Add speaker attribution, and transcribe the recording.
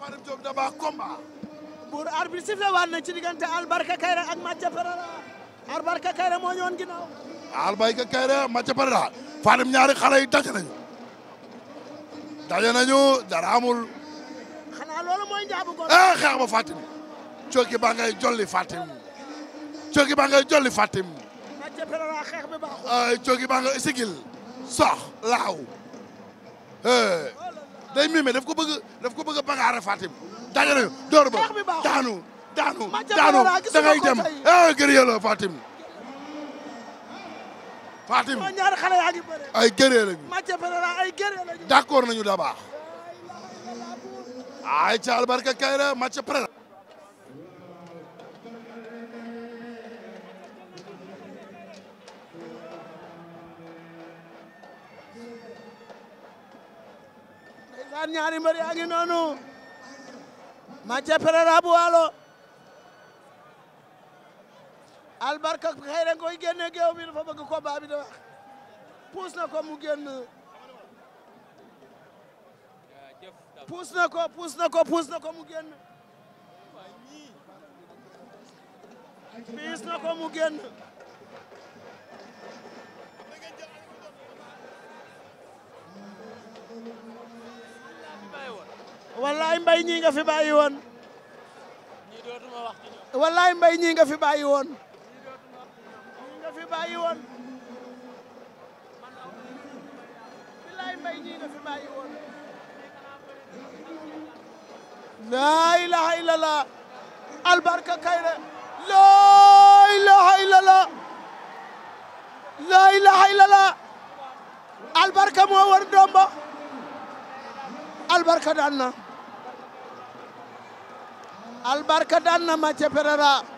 Speaker 1: Fatim Diop Daba combat. buur na ci diggante Albarka Kayre ak Mathia Perera Albarka Kayre moo gi ginnaaw.
Speaker 2: Albarka Kayre Mathia Perera Fatim ñaari xale yi daje nañu. daje nañu dara amul. xanaa loolu mooy njaabu ko. eh xeex ba Fatim cooki ba ngay jolli Fatim cooki ba ngay jolli Fatim.
Speaker 1: Mathia Perera xeex bi
Speaker 2: baaxul. cooki ba nga sigil sox laaw. Eh. Oh day mimé daf ko bëgg Daara Fatim daje nañu door ba daanu daanu daanu da ngay dem ah gërëyeel la Fatim. Fatim ay gërëyee
Speaker 1: lañu
Speaker 2: d' accord nañu da baax. ay ca albarka Kayra match prêt.
Speaker 1: ñaari mbër manca perera bu waalo albarka xëy na koy génne géew bi dafa bëgg combat bi dafa puus na ko mu génn puus na ko puus na ko puus na ko mu génn puus ko mu génn
Speaker 2: wallahi mbay ñi nga fi bayyi won
Speaker 1: ñi dootuma wax ci ñu wallahi mbay ñi nga fi bayyi won لا إله إلا الله البركة كايرة لا إله إلا الله لا إله إلا الله البركة مو وردومبا البركة دانا albarka daan na ma ceperera